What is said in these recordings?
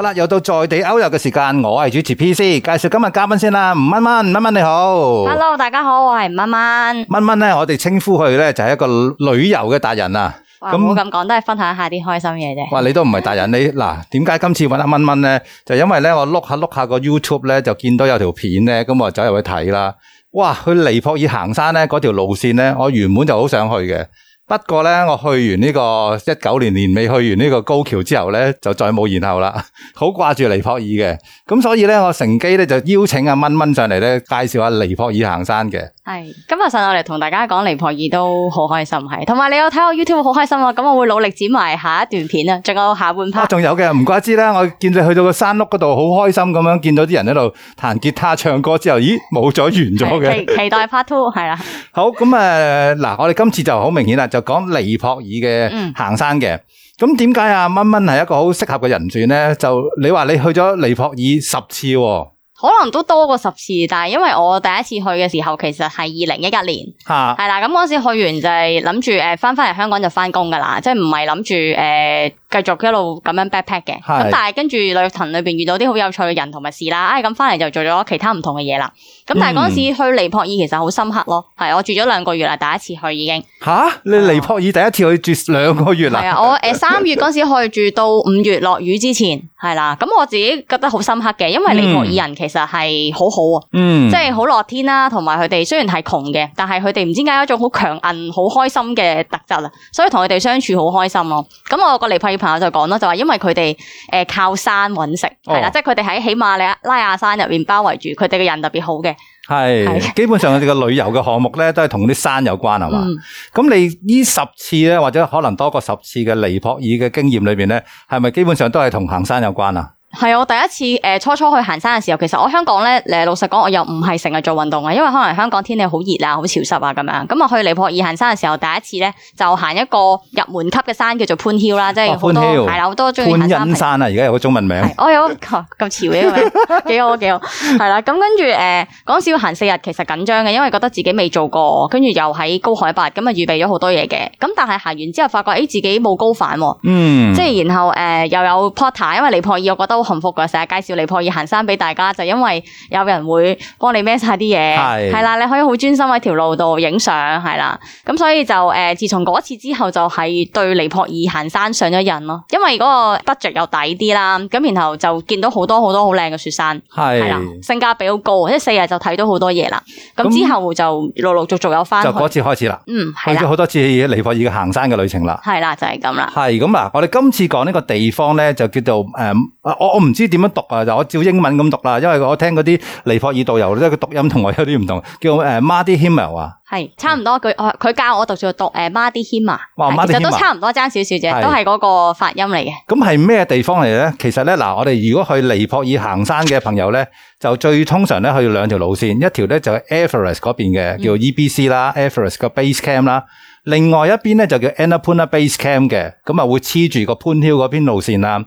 好啦，又到在地 Out 遊嘅時間，我係主持 PC 介紹今日嘉賓先啦。吳蚊蚊，蚊蚊你好。Hello，大家好，我係蚊蚊。蚊蚊咧，我哋稱呼佢咧就係一個旅遊嘅達人啊。咁我咁講，都係分享下啲開心嘢啫。哇，你都唔係達人，你嗱，點解今次揾阿蚊蚊咧？ 就因為咧我碌下碌下個 YouTube 咧，就見到有條片咧，咁我就走入去睇啦。哇，去尼泊爾行山咧，嗰條路線咧，我原本就好想去嘅。不過咧，我去完呢個一九年年尾去完呢個高橋之後咧，就再冇然後啦。好掛住尼泊爾嘅，咁所以咧，我乘機咧就邀請阿蚊蚊上嚟咧，介紹下尼泊爾行山嘅。係，今日上嚟同大家講尼泊爾都好開心，係。同埋你有睇我 YouTube 好開心啊！咁我會努力剪埋下一段片啊，仲有下半 part。仲有嘅，唔怪之啦，我見你去到個山屋嗰度，好開心咁樣，見到啲人喺度彈吉他、唱歌之後，咦，冇咗完咗嘅。期期待 part two，係啦。好，咁啊嗱，我哋今次就好明顯啦，就。講尼泊爾嘅，嗯、行山嘅，咁點解阿蚊蚊係一個好適合嘅人選呢？就你話你去咗尼泊爾十次，哦，可能都多過十次，但係因為我第一次去嘅時候，其實係二零一一年，係啦，啊，咁嗰時去完就係諗住誒，翻翻嚟香港就翻工噶啦，即係唔係諗住誒。呃繼續一路咁樣 backpack 嘅，咁是但係跟住旅程裏邊遇到啲好有趣嘅人同埋事啦，唉、哎，咁翻嚟就做咗其他唔同嘅嘢啦。咁、嗯、但係嗰陣時去尼泊爾其實好深刻咯，係我住咗兩個月啦，第一次去已經。吓？你尼泊爾第一次去住兩個月啊？係啊，我誒三月嗰陣時去住到五月落雨之前係啦，咁我自己覺得好深刻嘅，因為尼泊爾人其實係好好啊，嗯、即係好樂天啦、啊，同埋佢哋雖然係窮嘅，但係佢哋唔知點解有一種好強硬、好開心嘅特質啦、啊，所以同佢哋相處好開心咯、啊。咁我個尼泊爾。朋友就講咯，就話，因為佢哋誒靠山揾食係啦，即係佢哋喺喜馬拉雅山入面包圍住，佢哋嘅人特別好嘅。係是，的基本上佢哋嘅旅遊嘅項目咧 都係同啲山有關係嘛。咁、嗯、你呢十次咧或者可能多過十次嘅尼泊爾嘅經驗裏邊咧，係咪基本上都係同行山有關啊？係啊，我第一次誒、呃、初初去行山嘅時候，其實我香港咧誒，老實講我又唔係成日做運動啊，因為可能香港天氣好熱啊，好潮濕啊咁樣。咁啊去尼泊爾行山嘅時候，第一次咧就行一個入門級嘅山叫做 Poon Hill 啦，即係好多，好 Hill, 多中意行山。潘恩山啊，而家有個中文名。我有咁、啊、潮嘅， 幾好幾好。係啦，咁跟住誒，嗰時要行四日，其實緊張嘅，因為覺得自己未做過，跟住又喺高海拔，咁啊預備咗好多嘢嘅。咁但係行完之後發覺，誒、哎、自己冇高反喎、啊，嗯，即係然後誒又有 porter，因為尼泊爾我覺得。重複嘅成日介紹尼泊爾行山俾大家，就因為有人會幫你孭晒啲嘢，係啦的，你可以好專心喺條路度影相，係啦，咁所以就誒、呃，自從嗰次之後，就係對尼泊爾行山上咗癮咯，因為嗰個 budget 又抵啲啦，咁然後就見到好多好多好靚嘅雪山，係啦的，性價比好高，即四日就睇到好多嘢啦，咁的之後就陸陸續續有翻，就嗰次開始啦，嗯，係啦，好多次尼泊爾嘅行山嘅旅程啦，係啦，就係咁啦，係咁嗱，我哋今次講呢個地方咧，就叫做誒、呃，我。我唔知點樣讀啊？就我照英文咁讀啦，因為我聽嗰啲尼泊爾導遊咧，佢讀音同我有啲唔同，叫誒 Mardi Himal 啊，係差唔多佢佢教我讀就讀誒、呃、Mardi Himal 啊，其實都差唔多爭少少啫，是都係嗰個發音嚟嘅。咁係咩地方嚟咧？其實咧嗱，我哋如果去尼泊爾行山嘅朋友咧，就最通常咧去兩條路線，一條咧就 Everest 嗰邊嘅叫 EBC 啦、嗯，Everest 個 Base Camp 啦。另外一邊咧就叫 Annapurna Base Camp 嘅，咁啊會黐住個 Pun Hill 嗰邊路線啦。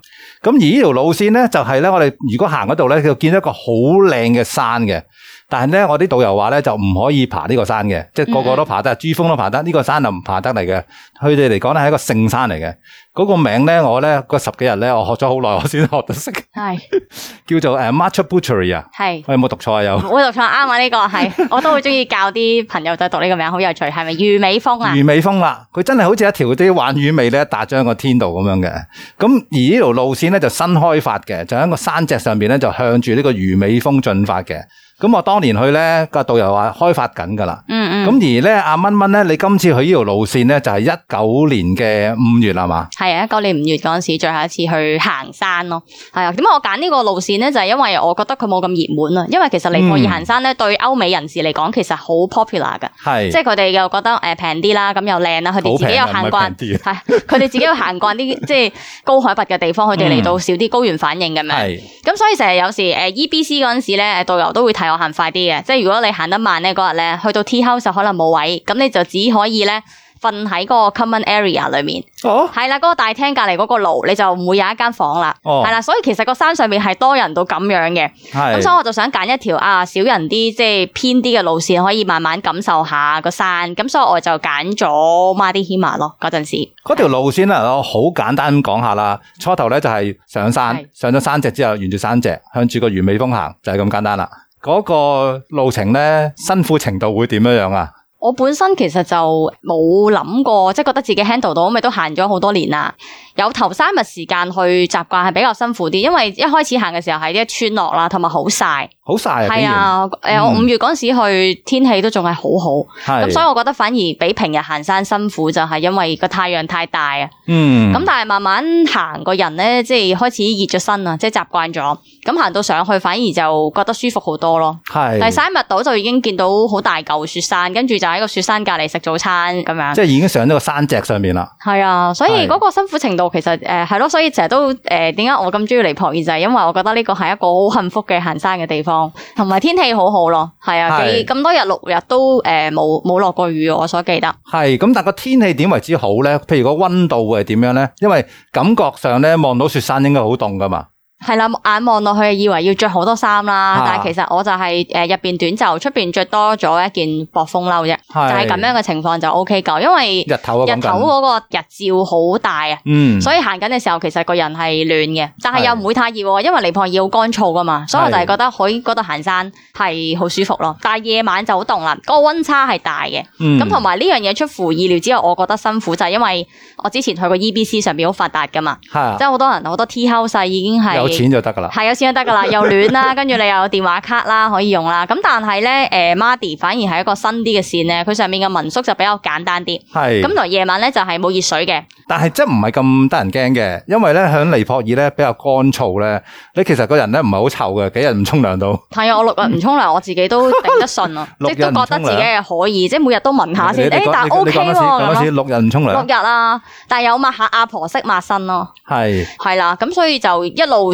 咁而呢條路線咧就係咧，我哋如果行嗰度咧，就見到一個好靚嘅山嘅。但係咧，我啲導遊話咧就唔可以爬呢個山嘅，即係個，個個都爬得，嗯、珠峰都爬得，呢、這個山就唔爬得嚟嘅。佢哋嚟講咧係一個聖山嚟嘅，嗰、那個名咧我咧個十幾日咧我學咗好耐，我先學得識。係是叫做誒，Mount Butary 啊。係我有冇讀錯啊？有我讀錯啱啊！呢個係我都好中意教啲朋友就讀呢個名，好 有趣，係咪魚尾峰啊？魚尾峰啊，佢真係好似一條啲鯇魚尾咧，打張個天道咁樣嘅。咁而呢條路線咧就新開發嘅，就喺個山脊上邊咧就，就向住呢個魚尾峰進發嘅。咁我當年去咧，個導遊話開發緊㗎啦。嗯嗯。咁而咧，阿蚊蚊咧，你今次去呢條路線咧，就係一九年嘅五月係嘛？係啊，一九年五月嗰陣時，最後一次去行山咯。係啊，點解我揀呢個路線咧？就係、是、因為我覺得佢冇咁熱門啊。因為其實尼泊爾行山咧，嗯、對歐美人士嚟講，其實好 popular 㗎。係是。即係佢哋又覺得誒平啲啦，咁又靚啦，佢哋自己又行慣，係佢哋自己又 行慣啲，即、就、係、是、高海拔嘅地方，佢哋嚟到少啲高原反應咁樣。係、嗯。咁 所以成日有時誒 EBC 嗰陣時咧，導、呃、遊 ia 都會睇。我行快啲嘅，即係如果你行得慢呢嗰日咧去到 tea house 就可能冇位，咁你就只可以咧瞓喺嗰個 common area 裏面。哦，係啦，嗰、那個大廳隔籬嗰個爐你就唔會有一間房啦。哦，係啦，所以其實個山上邊係多人到咁樣嘅。係是，咁所以我就想揀一條啊少人啲，即係偏啲嘅路綫，可以慢慢感受下個山。咁所以我就揀咗 Mardi Himal 咯。嗰陣時，嗰條路綫啊，的我好簡單咁講下啦。初頭咧就係上山，的上咗山脊之後沿隻，沿住山脊向住個魚尾峰行，就係、是、咁簡單啦。嗰個路程呢，辛苦程度會點樣啊？我本身其實就冇諗過，即係覺得自己 handle 到，咁咪都行咗好多年啦。有頭三日時間去習慣係比較辛苦啲，因為一開始行嘅時候喺啲村落啦，同埋好曬。好曬係啊！誒、啊，我五月嗰時去，嗯、天氣都仲係好好，咁是所以我覺得反而比平日行山辛苦，就係、是、因為個太陽太大啊。嗯。咁但係慢慢行個人咧，即係開始熱咗身啊，即係習慣咗。咁行到上去反而就覺得舒服好多咯。係是。第三日晒密島就已經見到好大嚿雪山，跟住就喺個雪山隔籬食早餐咁樣。即係已經上咗個山脊上面啦。係啊，所以嗰個辛苦程度其實誒係咯，所以成日都誒點解我咁中意嚟泊爾就係、是、因為我覺得呢個係一個好幸福嘅行山嘅地方。同埋天氣好好咯，係啊，咁多日六日都誒冇冇落過雨，我所記得。係咁，但個天氣點為之好咧？譬如個溫度會係點樣咧？因為感覺上咧，望到雪山應該好凍噶嘛。係啦，眼望落去以為要着好多衫啦。但係其實我就係誒入邊短袖，出邊着多咗一件薄風褸啫。就係咁樣嘅情況就 O K 夠，因為日頭嗰個日照好大啊，所以行緊嘅時候其實個人係暖嘅，但係又唔會太熱，因為尼泊爾好乾燥噶嘛，所以我就係覺得喺嗰度行山係好舒服咯。但係夜晚就好凍啦，嗰個溫差係大嘅，咁同埋呢樣嘢出乎意料之外，我覺得辛苦就係因為我之前去過 E B C 上邊好發達噶嘛，即係好多人好多 Tea House 已經係。錢就得噶啦，係有錢就得噶啦，又暖啦，跟住你又有電話卡啦，可以用啦。咁但係咧，誒 Mardi 反而係一個新啲嘅線咧，佢上面嘅民宿就比較簡單啲。係。咁同夜晚咧就係冇熱水嘅。但係真唔係咁得人驚嘅，因為咧響尼泊爾咧比較乾燥咧，你其實個人咧唔係好臭嘅，幾日唔沖涼到。係啊，我六日唔沖涼，我自己都頂得順啊，即都覺得自己係可以，即係每日都聞下先。誒，但係 OK 喎，開始六日唔沖涼。六日啊，但係有抹下阿婆式抹身咯。係。係啦，咁所以就一路。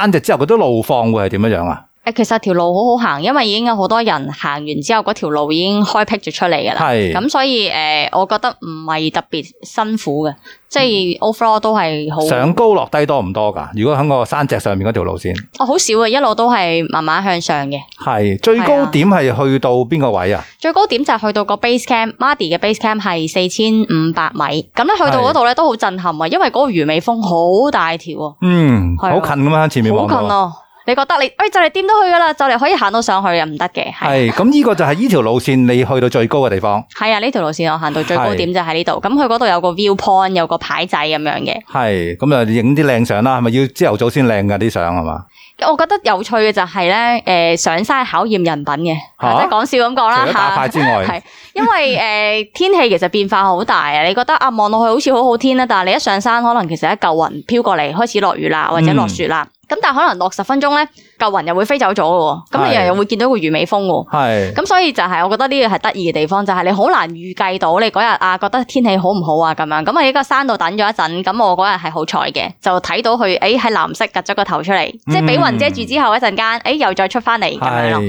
翻咗之後，嗰啲路況會係點樣啊？誒，其實條路好好行，因為已經有好多人行完之後，嗰條路已經開辟咗出嚟嘅啦。係咁是，所以誒、呃，我覺得唔係特別辛苦嘅，即係 off floor 都係好上高落低多唔多噶？如果喺個山脊上面嗰條路線，哦，好少啊，一路都係慢慢向上嘅。係最高點係去到邊個位啊？最高點就去到,個,、啊、就去到個 base camp，Mardi 嘅 base camp 係四千五百米。咁咧去到嗰度咧都好震撼啊，是因為嗰個魚尾峰好大條。嗯，係好的近噶嘛，前面好近啊。你覺得你哎就嚟掂到去噶啦，就嚟可以行到上去又唔得嘅。係咁呢個就係呢條路線，你去到最高嘅地方。係啊，呢條路線我行到最高點就喺呢度。咁佢嗰度有個 viewpoint，有個牌仔咁樣嘅。係咁啊，影啲靚相啦，係咪要朝頭早先靚噶啲相係嘛？我覺得有趣嘅就係、是、咧，誒、呃，上山考驗人品嘅，或者講笑咁講啦吓，除咗打牌之外， 因為誒、呃、天氣其實變化好大啊！ 你覺得啊，望落去好似好好天啦，但係你一上山，可能其實一嚿雲飄過嚟，開始落雨啦，或者落雪啦。嗯咁但係可能落十分鐘咧，嚿雲又會飛走咗喎。咁你又又會見到個魚尾峰喎。係是。咁所以就係，我覺得呢個係得意嘅地方，就係、是、你好難預計到你嗰日啊，覺得天氣好唔好啊咁樣。咁喺個山度等咗一陣，咁我嗰日係好彩嘅，就睇到佢，誒喺藍色隔咗個頭出嚟，嗯、即係俾雲遮住之後一陣間，誒、欸、又再出翻嚟咁樣咯。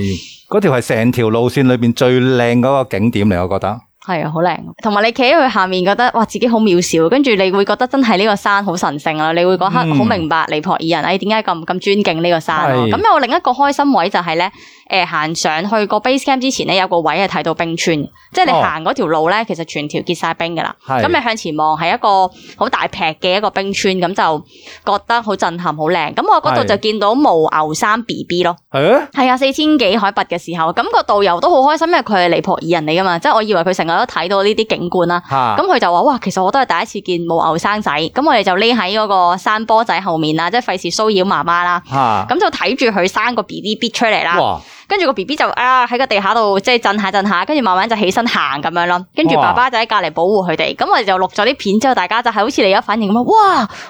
嗰條係成條路綫裏邊最靚嗰個景點嚟，我覺得。係啊，好靚，同埋你企喺佢下面，覺得哇自己好渺小，跟住你會覺得真係呢個山好神聖啊！嗯、你會嗰刻好明白尼泊爾人，哎點解咁咁尊敬呢個山咯。咁的有另一個開心位就係、是、咧。誒行上去個 base camp 之前咧，有個位係睇到冰川，即係你行嗰條路咧，哦、其實全條結晒冰噶啦。咁是 你向前望係一個好大劈嘅一個冰川，咁就覺得好震撼、好靚。咁我嗰度就見到牦牛生 B B 咯，係啊，四千幾海拔嘅時候，咁、個導遊都好開心，因為佢係尼泊爾人嚟噶嘛，即係我以為佢成日都睇到呢啲景觀啦。咁佢是、啊、就話：哇，其實我都係第一次見牦牛生仔。咁我哋就匿喺嗰個山坡仔後面啦，即係費事騷擾媽媽啦。咁是、啊、就睇住佢生個、BB、B B 出嚟啦。哇 跟住個 B B 就啊喺個地下度即係震下震下，跟住慢慢就起身行咁樣咯。跟住爸爸就喺隔離保護佢哋。咁我哋就錄咗啲片之後，大家就係好似你而家反應咁啊！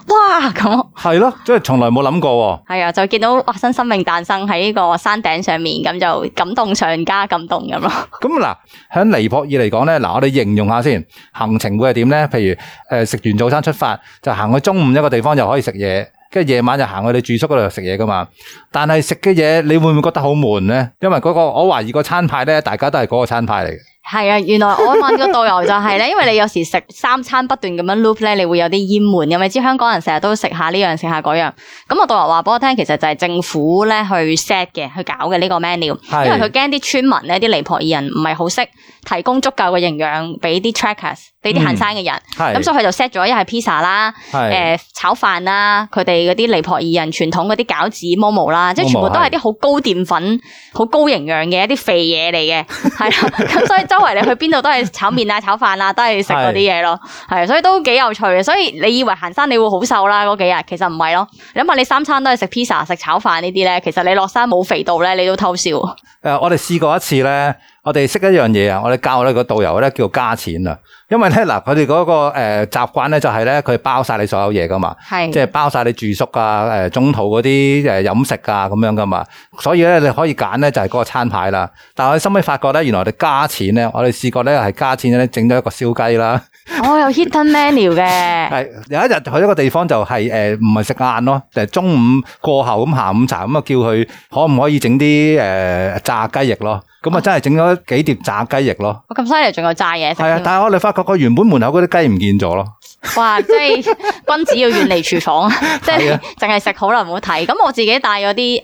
哇哇咁。係咯，即係從來冇諗過喎。係啊，就見到新生命誕生喺個山頂上面，咁就感動上加感動咁咯。咁嗱，喺尼泊爾嚟講咧，嗱我哋形容下先，行程會係點咧？譬如誒食完早餐出發，就行去中午一個地方就可以食嘢。跟住夜晚就行去你住宿嗰度食嘢噶嘛，但係食嘅嘢你會唔會覺得好悶呢？因為嗰個我懷疑個餐牌咧，大家都係嗰個餐牌嚟嘅。係啊，原來我問個導遊就係、是、咧， 因為你有時食三餐不斷咁樣 loop 咧，你會有啲厭悶。有咪知香港人成日都食下呢樣食下嗰樣。咁啊，導遊話俾我聽，其實就係政府咧去 set 嘅，去搞嘅呢個 menu，因為佢驚啲村民咧啲尼泊爾人唔係好識提供足夠嘅營養俾啲 trackers。俾啲行山嘅人，咁所以佢就 set 咗一係 pizza 啦，誒炒飯啦，佢哋嗰啲尼泊爾人傳統嗰啲餃子 momo 啦，即係全部都係啲好高澱粉、好高營養嘅一啲肥嘢嚟嘅，係啦。咁所以周圍你去邊度都係炒麵啊、炒飯啊，都係食嗰啲嘢咯，係，所以都幾有趣嘅。所以你以為行山你會好瘦啦嗰幾日，其實唔係咯。你諗下你三餐都係食 pizza 食炒飯呢啲咧，其實你落山冇肥到咧，你都偷笑。誒，我哋試過一次咧。我哋識一樣嘢啊！我哋教咧個導遊咧叫加錢啊，因為咧嗱佢哋嗰個誒習慣咧就係咧佢包晒你所有嘢噶嘛，係即係包晒你住宿啊、誒中途嗰啲誒飲食啊咁樣噶嘛，所以咧你可以揀咧就係嗰個餐牌啦。但係我後尾發覺咧，原來我哋加錢咧，我哋試過咧係加錢咧整咗一個燒雞啦。我有 hit and menu 嘅，係有一日去一個地方，就係誒唔係食晏咯，就係中午過後咁下午茶咁啊，叫佢可唔可以整啲誒炸雞翼咯？咁啊，真係整咗幾碟炸雞翼咯！我咁犀利，仲有炸嘢食？係啊！但係我哋發覺個原本門口嗰啲雞唔見咗咯。哇！即係君子要遠離廚房， 即係淨係食好喇，唔好睇。咁我自己帶咗啲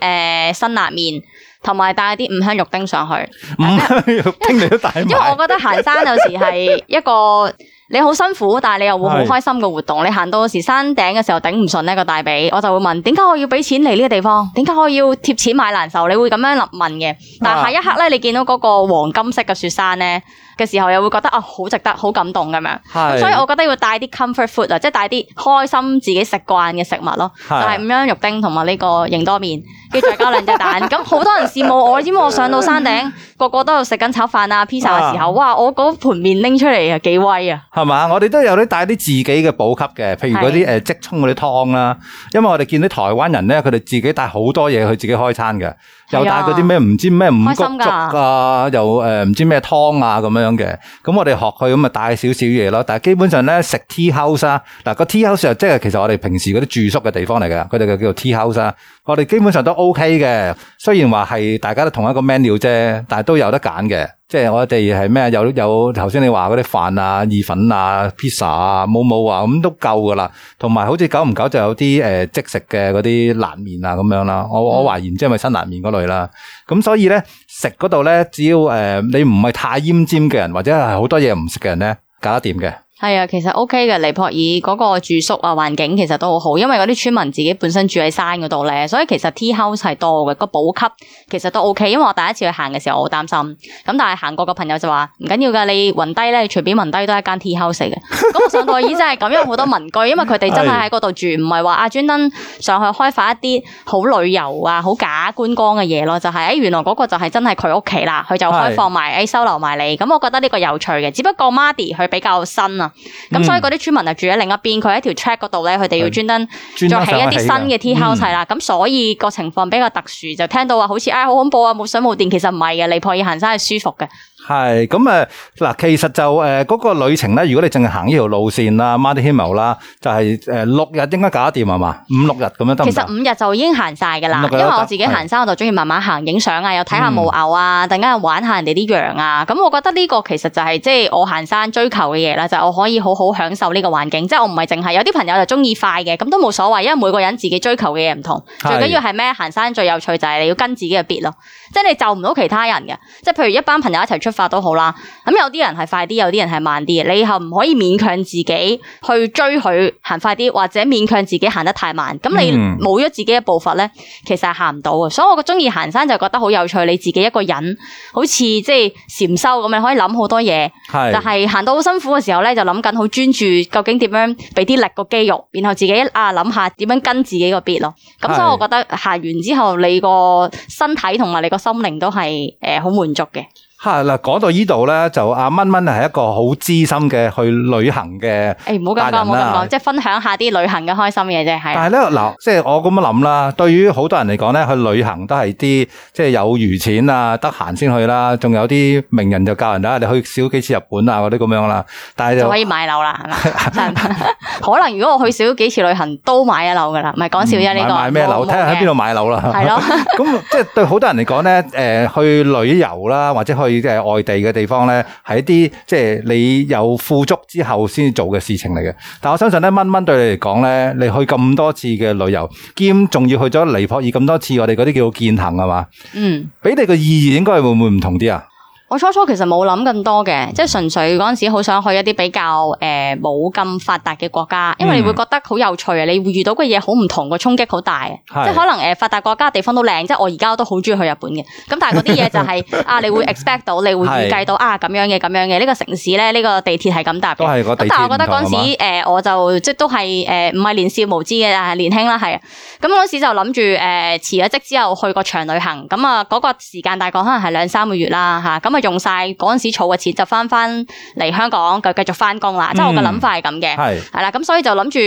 誒辛辣麵，同埋帶啲五香肉丁上去。五香肉丁嚟都帶。 因為我覺得行山有時係一個。你好辛苦，但係你又會好開心嘅活動。是的 你行到時山頂嘅時候頂唔順呢個大髀，我就會問：點解我要畀錢嚟呢個地方？點解我要貼錢買難受？你會咁樣立問嘅。但係下一刻咧，你見到嗰個黃金色嘅雪山咧，嘅時候又會覺得啊好、哦、值得，好感動咁樣，是所以我覺得要帶啲 comfort food 啊，即係帶啲開心自己食慣嘅食物咯，啊、就係五香肉丁同埋呢個營多麵，跟住 再加兩隻蛋，咁好多人羨慕我， 因為我上到山頂，個個都喺度食緊炒飯啊、披薩嘅時候，啊、哇！我嗰盤麵拎出嚟啊幾威啊！係嘛，我哋都有啲帶啲自己嘅補給嘅，譬如嗰啲誒即沖嗰啲湯啦，啊、因為我哋見啲台灣人咧，佢哋自己帶好多嘢去自己開餐嘅，又帶嗰啲咩唔知咩五穀粥啊，的又誒唔知咩湯啊咁樣。咁嘅，咁我哋學去咁啊，帶少少嘢咯。但係基本上咧，食 tea house 啊，嗱個 tea house 又即係其實我哋平時嗰啲住宿嘅地方嚟嘅，佢哋就叫做 tea house。啊。我哋基本上都 OK 嘅，雖然話係大家都同一個 menu 啫，但係都有得揀嘅。即係我哋係咩？有有頭先你話嗰啲飯啊、意粉啊、pizza 啊、冇冇啊，咁都夠噶啦。同埋好似久唔久就有啲誒、呃、即食嘅嗰啲辣麵啊咁樣啦。我我懷疑即係咪新辣麵嗰類啦。咁所以咧。食嗰度咧，只要誒、呃、你唔係太奄尖嘅人，或者係好多嘢唔食嘅人咧，搞得掂嘅。係啊，其實 O K 嘅尼泊爾嗰個住宿啊，環境其實都好好，因為嗰啲村民自己本身住喺山嗰度咧，所以其實 T house 係多嘅，個補給其實都 O、OK, K，因為我第一次去行嘅時候，我好擔心，咁但係行過個朋友就話唔緊要㗎，你暈低咧，隨便暈低都係一間 T house 嚟嘅。咁、那、我、個、上個月真係咁，因為好多民居，因為佢哋真係喺嗰度住，唔係話啊專登上去開發一啲好旅遊啊好假觀光嘅嘢咯，就係、是、誒、欸、原來嗰個就係真係佢屋企啦，佢就開放埋誒、欸、收留埋你，咁我覺得呢個有趣嘅，只不過 Mardi 佢比較新啊。咁、嗯、所以嗰啲村民就住喺另一邊，佢喺條 track 嗰度咧，佢哋要專登建起一啲新嘅 t house 啦、嗯。咁所以個情況比較特殊，就聽到話好似唉好恐怖啊，冇水冇電。其實唔係嘅，尼泊爾行山係舒服嘅。係咁啊嗱，其實就誒嗰、呃呃那個旅程咧，如果你淨係行呢條路線啦，Mardi Himal 啦，就係誒六日應該搞得掂係嘛，五六日咁樣得。其實五日就已經行晒噶啦，5, 因為我自己行山我就中意慢慢行，影相啊，又睇、嗯、下牦牛啊，突然間又玩下人哋啲羊啊。咁我覺得呢個其實就係、是、即係我行山追求嘅嘢啦，就是、我。可以好好享受呢個環境，即係我唔係淨係有啲朋友就中意快嘅，咁都冇所謂，因為每個人自己追求嘅嘢唔同。是最緊要係咩？行山最有趣就係你要跟自己嘅 beat 咯，即係你就唔到其他人嘅。即係譬如一班朋友一齊出發都好啦，咁有啲人係快啲，有啲人係慢啲嘅，你以後唔可以勉強自己去追佢行快啲，或者勉強自己行得太慢。咁你冇咗自己嘅步伐咧，嗯、其實係行唔到嘅。所以我個中意行山就覺得好有趣，你自己一個人，好似即係禪修咁，你可以諗好多嘢。係是，就係行到好辛苦嘅時候咧，就。諗緊好專注，究竟點樣俾啲力個肌肉，然後自己啊諗下點樣跟自己個 beat 咯。咁是的 所以我覺得行完之後，你個身體同埋你個心靈都係誒好滿足嘅。吓嗱，講到依度咧，就阿蚊蚊係一個好資深嘅去旅行嘅，誒，唔好咁講，唔好咁講，即係分享下啲旅行嘅開心嘢啫。係。但係咧，嗱，即係我咁樣諗啦，對於好多人嚟講咧，去旅行都係啲即係有餘錢啊，得閒先去啦。仲有啲名人就教人啦，你去少幾次日本啊，嗰啲咁樣啦。但係就可以買樓啦，可能如果我去少幾次旅行，都買一樓噶啦，唔係講笑啫。買買咩樓？睇下喺邊度買樓啦。係咯。咁即係對好多人嚟講咧，誒，去旅遊啦，或者去。即係外地嘅地方咧，係一啲即係你有富足之後先做嘅事情嚟嘅。但我相信咧，蚊蚊對你嚟講咧，你去咁多次嘅旅遊，兼仲要去咗尼泊爾咁多次，我哋嗰啲叫做健行係嘛？嗯，俾你嘅意義應該會唔會唔同啲啊？我初初其實冇諗咁多嘅，即係純粹嗰陣時好想去一啲比較誒冇咁發達嘅國家，因為你會覺得好有趣啊！你會遇到嘅嘢好唔同，個衝擊好大，嗯、即係可能誒發達國家嘅地方都靚，即係我而家都好中意去日本嘅。咁但係嗰啲嘢就係、是、 啊，你會 expect 到，你會預計到啊咁樣嘅，咁樣嘅呢、呢個城市咧，呢、啊呢個、個地鐵係咁搭嘅。都但係我覺得嗰陣時嗎、呃、我就即都係誒，唔、呃、係年少無知嘅，年輕啦，係啊。咁嗰陣時就諗住誒辭咗職之後去個長旅行，咁啊嗰個時間大概可能係兩三個月啦嚇，咁、呃呃呃呃呃呃呃用晒嗰陣時儲嘅錢就翻翻嚟香港繼，繼繼續翻工啦。即係我嘅諗法係咁嘅，係啦是，咁所以就諗住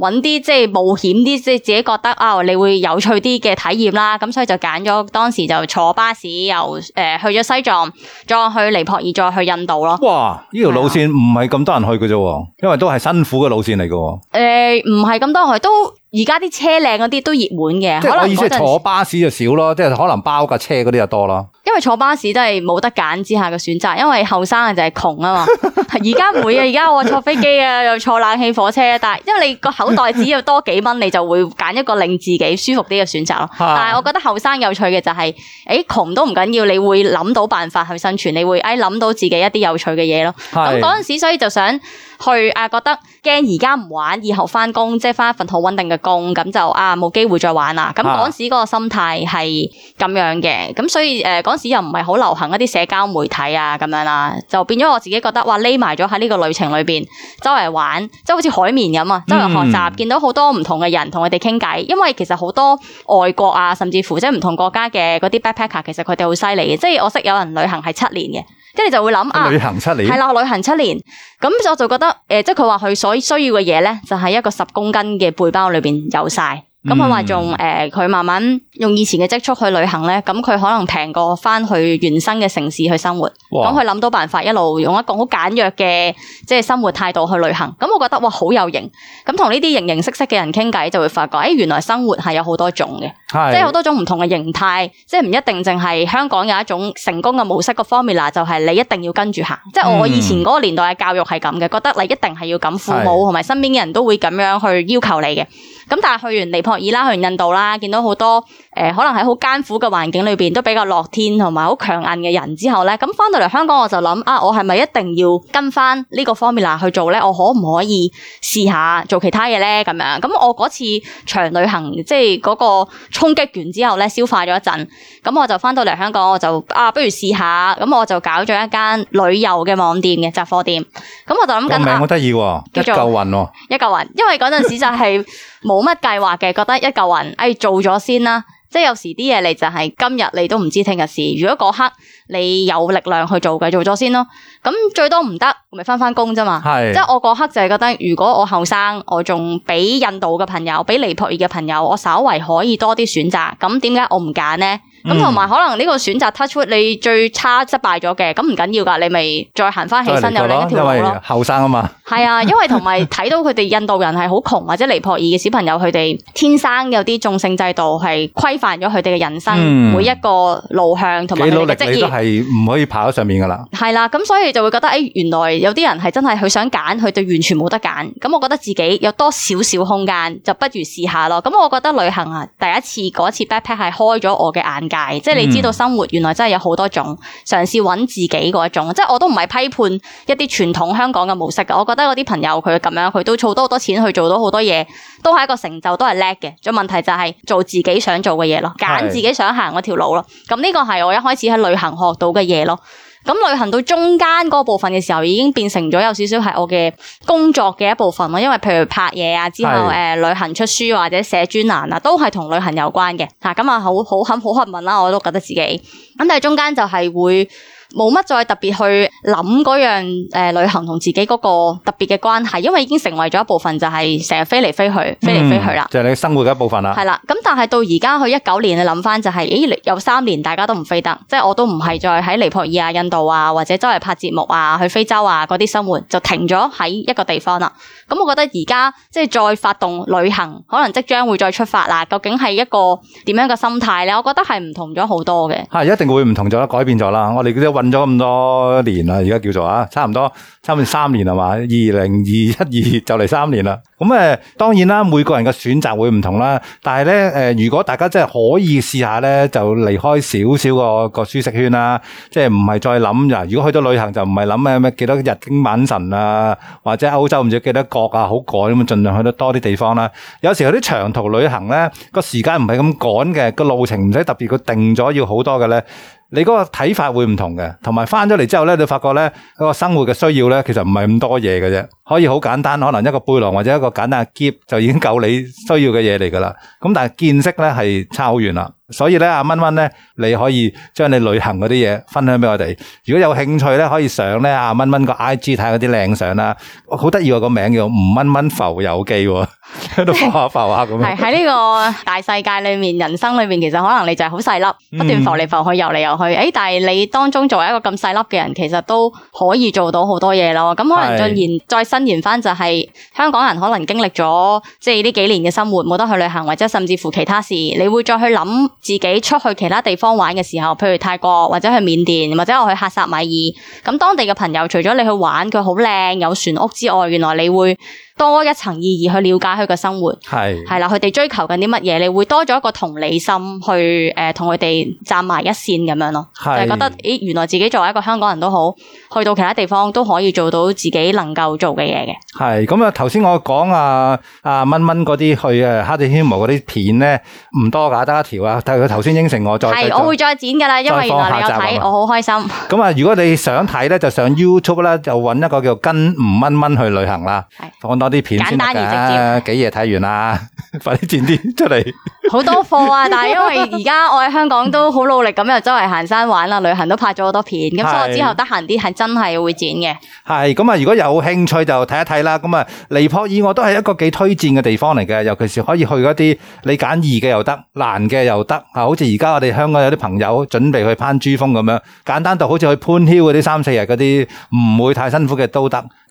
揾啲即係冒險啲，即係自己覺得啊，你會有趣啲嘅體驗啦。咁所以就揀咗當時就坐巴士又誒去咗西藏，再去尼泊爾，再去印度咯。哇！呢條路線唔係咁多人去嘅啫，的因為都係辛苦嘅路線嚟嘅。誒、呃，唔係咁多人去都。而家啲車靚嗰啲都熱門嘅，可能坐巴士就少咯，即係可能包架車嗰啲就多咯。因為坐巴士都係冇得揀之下嘅選擇，因為後生人就係窮啊嘛。而家唔會啊，而家我坐飛機啊，又坐冷氣火車、啊，但係因為你個口袋只要多幾蚊，你就會揀一個令自己舒服啲嘅選擇咯。的但係我覺得後生有趣嘅就係、是，誒、欸、窮都唔緊要，你會諗到辦法去生存，你會誒諗到自己一啲有趣嘅嘢咯。咁嗰陣時所以就想去啊，覺得驚而家唔玩，以後翻工即係翻一份好穩定嘅。工，咁就啊冇機會再玩啦，咁嗰時嗰個心態係咁樣嘅，咁所以誒嗰、呃、時又唔係好流行一啲社交媒體啊咁樣啦、啊，就變咗我自己覺得哇匿埋咗喺呢個旅程裏邊周圍玩，即係好似海綿咁啊，周圍學習，見到好多唔同嘅人同佢哋傾偈，嗯、因為其實好多外國啊甚至乎即係唔同國家嘅嗰啲 backpacker，其實佢哋好犀利嘅，即係我識有人旅行係七年嘅。跟住你就會諗啊，旅行七年，係啦，我旅行七年，咁、啊、我，我就覺得，誒、呃，即係佢話佢所需要嘅嘢咧，就喺、是、一個十公斤嘅背包裏邊有晒。 咁佢話仲誒，佢、嗯嗯、慢慢用以前嘅積蓄去旅行咧，咁佢可能平過翻去原生嘅城市去生活。咁佢諗到辦法，一路用一個好簡約嘅即係生活態度去旅行。咁我覺得哇，好有型！咁同呢啲形形色色嘅人傾偈，就會發覺誒、欸，原來生活係有好多種嘅是，即係好多種唔同嘅形態，即係唔一定淨係香港有一種成功嘅模式個 formula，就係你一定要跟住行。即係我以前嗰個年代嘅教育係咁嘅，嗯、覺得你一定係要咁，父母同埋是身邊嘅人都會咁樣去要求你嘅。咁但係去完尼泊爾啦，去完印度啦，見到好多。誒、呃，可能喺好艱苦嘅環境裏邊都比較樂天同埋好強硬嘅人之後咧，咁翻到嚟香港我就諗啊，我係咪一定要跟翻呢個 formula 去做咧？我可唔可以試下做其他嘢咧？咁樣，咁我嗰次長旅行即係嗰個衝擊完之後咧，消化咗一陣，咁我就翻到嚟香港我就啊，不如試下咁，我就搞咗一間旅遊嘅網店嘅雜貨店。咁我就諗緊、哦、啊，好得意，一嚿雲喎，一嚿雲，因為嗰陣時就係冇乜計劃嘅， 覺得一嚿雲，哎，做咗先啦。即係有時啲嘢你就係今日你都唔知聽日事。如果嗰刻你有力量去做，嘅做咗先咯。咁最多唔得，咪翻返工啫嘛。是的 即係我嗰刻就係覺得，如果我後生，我仲比印度嘅朋友，比尼泊爾嘅朋友，我稍為可以多啲選擇。咁點解我唔揀呢？咁同埋可能呢個選擇、嗯、touchwood，你最差失敗咗嘅，咁唔緊要噶，你咪再行翻起身有另一條路咯。後生啊嘛，係 啊，因為同埋睇到佢哋印度人係好窮或者尼泊爾嘅小朋友，佢哋天生有啲種姓制度係規範咗佢哋嘅人生、嗯、每一個路向同埋佢嘅職業，係唔可以爬喺上面噶啦。係啦、啊，咁所以就會覺得誒、哎，原來有啲人係真係佢想揀，佢哋完全冇得揀。咁我覺得自己有多少少空間，就不如試下咯。咁我覺得旅行啊，第一次嗰次 backpack 係開咗我嘅眼界。即係你知道生活原來真係有好多種，嘗試揾自己嗰一種。即係我都唔係批判一啲傳統香港嘅模式嘅，我覺得嗰啲朋友佢咁樣，佢都儲多好多錢去做到好多嘢，都係一個成就，都係叻嘅。仲問題就係做自己想做嘅嘢咯，揀自己想行嗰條路咯。咁呢是的 個係我一開始喺旅行學到嘅嘢咯。咁旅行到中間嗰部分嘅時候，已經變成咗有少少係我嘅工作嘅一部分咯。因為譬如拍嘢啊，之後誒是的 旅行出書或者寫專欄啊，都係同旅行有關嘅嚇。咁啊，好好肯好幸運啦，我都覺得自己。咁但係中間就係會。冇乜再特別去諗嗰樣誒、呃、旅行同自己嗰個特別嘅關係，因為已經成為咗一部分，就係成日飛嚟飛去，嗯、飛嚟飛去啦。就係你生活嘅一部分啦。係啦，咁但係到而家去一九年，你諗翻就係、是，咦，有三年大家都唔飛得，即係我都唔係再喺尼泊爾啊、印度啊，或者周圍拍節目啊、去非洲啊嗰啲生活就停咗喺一個地方啦。咁、嗯、我覺得而家即係再發動旅行，可能即將會再出發啦。究竟係一個點樣嘅心態咧？我覺得係唔同咗好多嘅、嗯。係一定會唔同咗，改變咗啦。我哋運咗咁多年啦，而家叫做啊，差唔多差唔多三年係嘛？二零二一二就嚟三年啦。咁誒、呃、當然啦，每個人嘅選擇會唔同啦。但係咧誒，如果大家真係可以試下咧，就離開少少個個舒適圈啦，即係唔係再諗，嗱，如果去到旅行就唔係諗咩咩幾多日經晚晨啊，或者歐洲唔知幾多國啊，好趕咁，儘量去得多啲地方啦。有時候啲長途旅行咧，個時間唔係咁趕嘅，個路程唔使特別佢定咗要好多嘅咧。你嗰個睇法會唔同嘅，同埋翻咗嚟之後咧，你發覺咧，嗰個生活嘅需要咧，其實唔係咁多嘢嘅啫。可以好簡單，可能一個背囊或者一個簡單嘅夾就已經夠你需要嘅嘢嚟㗎啦。咁但係見識咧係差好遠啦。所以咧，阿蚊蚊咧，你可以將你旅行嗰啲嘢分享俾我哋。如果有興趣咧，可以上咧阿蚊蚊個 IG 睇下嗰啲靚相啦。好得意喎，個名叫吳蚊蚊浮游記喎，喺度浮下浮下咁。係喺呢個大世界裏面，人生裏面其實可能你就係好細粒，不斷浮嚟浮去，遊嚟遊去。誒，但係你當中作為一個咁細粒嘅人，其實都可以做到好多嘢咯。咁可能進言再細。跟完翻就係、是、香港人可能經歷咗即係呢幾年嘅生活，冇得去旅行或者甚至乎其他事，你會再去諗自己出去其他地方玩嘅時候，譬如泰國或者去緬甸或者我去喀薩米爾，咁當地嘅朋友除咗你去玩佢好靚有船屋之外，原來你會。多一層意義去了解佢嘅生活，係係啦，佢哋追求緊啲乜嘢？你會多咗一個同理心去，誒，同佢哋站埋一線咁樣咯。係就係覺得誒，原來自己作為一個香港人都好，去到其他地方都可以做到自己能夠做嘅嘢嘅。係咁啊，頭先我講啊啊蚊蚊嗰啲去誒 Mardi Himal 嗰啲片咧唔多噶，得一條啊。但係佢頭先應承我再，係我會再剪噶啦，因為原來你有睇，我好開心。咁啊，如果你想睇咧，就上 YouTube 啦，就搵一個叫跟吳蚊蚊去旅行啦。係，等等。簡單而直接，幾嘢睇完啦！快啲剪啲出嚟，好多貨啊！但係因為而家我喺香港都好努力咁，又周圍行山玩啦，旅行都拍咗好多片。咁所以我之後得閒啲係真係會剪嘅。係咁啊！如果有興趣就睇一睇啦。咁啊，尼泊爾我都係一個幾推薦嘅地方嚟嘅，尤其是可以去嗰啲你揀易嘅又得，難嘅又得啊！好似而家我哋香港有啲朋友準備去攀珠峰咁樣，簡單到好似去 Poon Hill 嗰啲三四日嗰啲，唔會太辛苦嘅都得。